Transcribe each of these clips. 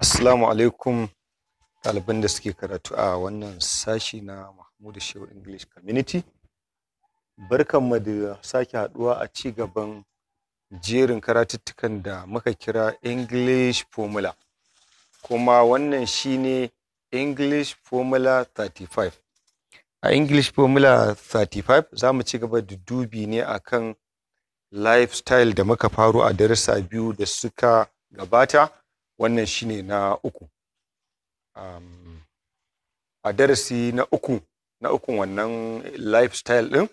Assalamu alaikum ɗaliban da suke karatu a wannan sashi na Mahmud Shehu English Community. Barkanmu da sake haɗuwa a ci gaban jerin karatuttukan da muka kira English Formula. Kuma wannan shine English Formula 35. A English Formula 35 za mu ci gaba da dubi ne akan lifestyle da muka faru a darasa biyu da suka gabata. wannan shine na uku um, a darasi na uku na ukun wannan lifestyle din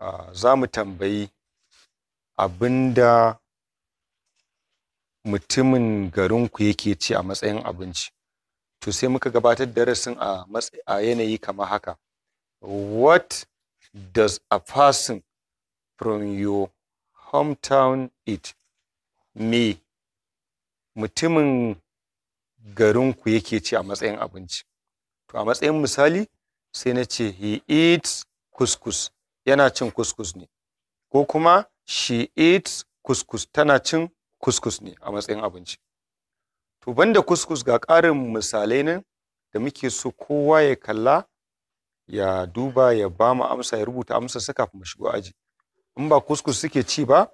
uh, za mu tambayi abinda mutumin garinku yake ci a matsayin abinci to sai muka gabatar darasin a, a yanayi kamar haka what does a person from your hometown eat me mutumin garinku yake ci a matsayin abinci to a matsayin misali sai na ce he eats couscous yana cin couscous ne ko kuma she eats couscous tana cin couscous ne a matsayin abinci to banda couscous ga ƙarin misalai nan da muke so kowa ya kalla ya duba ya ba mu amsa ya rubuta amsa suka mu shigo aji in ba couscous suke ci ba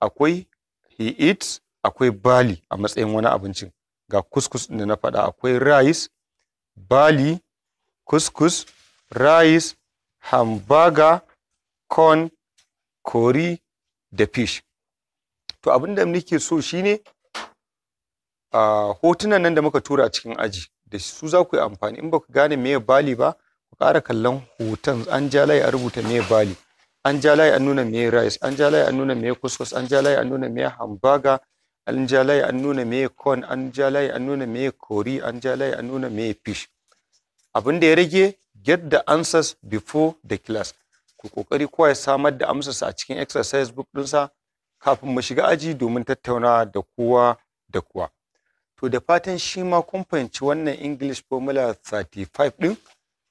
akwai he eats akwai bali a matsayin wani abincin ga kuskus da na faɗa akwai Rais, bali kuskus Rais, hamburger corn kori da fish to abin da nake so shine a hotunan nan da muka tura a cikin aji da su za ku yi amfani in ba ku gane meye bali ba ku ƙara kallon hoton an ja layi a rubuta meye bali an ja layi an nuna meye rice an ja layi an nuna meye couscous an ja layi an nuna meye hamburger an ja layi an nuna me corn an ja layi an nuna me kori an ja layi an nuna me fish abin da ya rage get the answers before the class ku kokari kowa ya samar da amsas a cikin exercise book ɗinsa kafin mu shiga aji domin tattaunawa da kowa da kowa to da fatan shi ma kun fahimci wannan english formula 35 din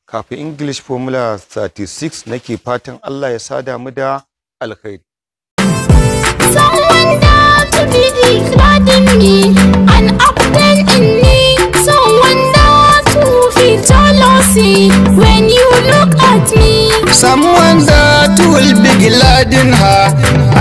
kafin english formula 36 nake fatan allah ya sada mu da alkhairi someone that will feel when you look at me someone that will be glad in her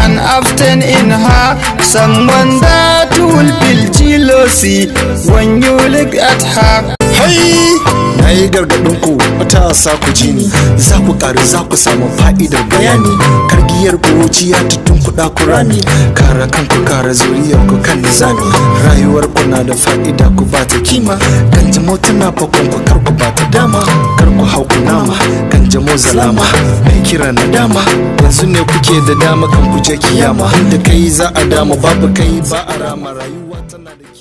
and often in her someone that will feel jealousy when you look at her hey yi gargaɗin ku matasa ku ji ni za ku ƙaru za ku samu fa'idar bayani kargiyar kuruciya ta tunkuɗa ku rami kara kanku kara zuriyar ku kan nizami rayuwar ku na da fa'ida ku ba ta kima kan jamo tana fakon ku kar ku ba ta dama kar ku hau ku nama kan jamo zalama mai kira na dama yanzu ne kuke da dama kan ku je kiyama da kai za a dama babu kai ba a rama rayuwa tana da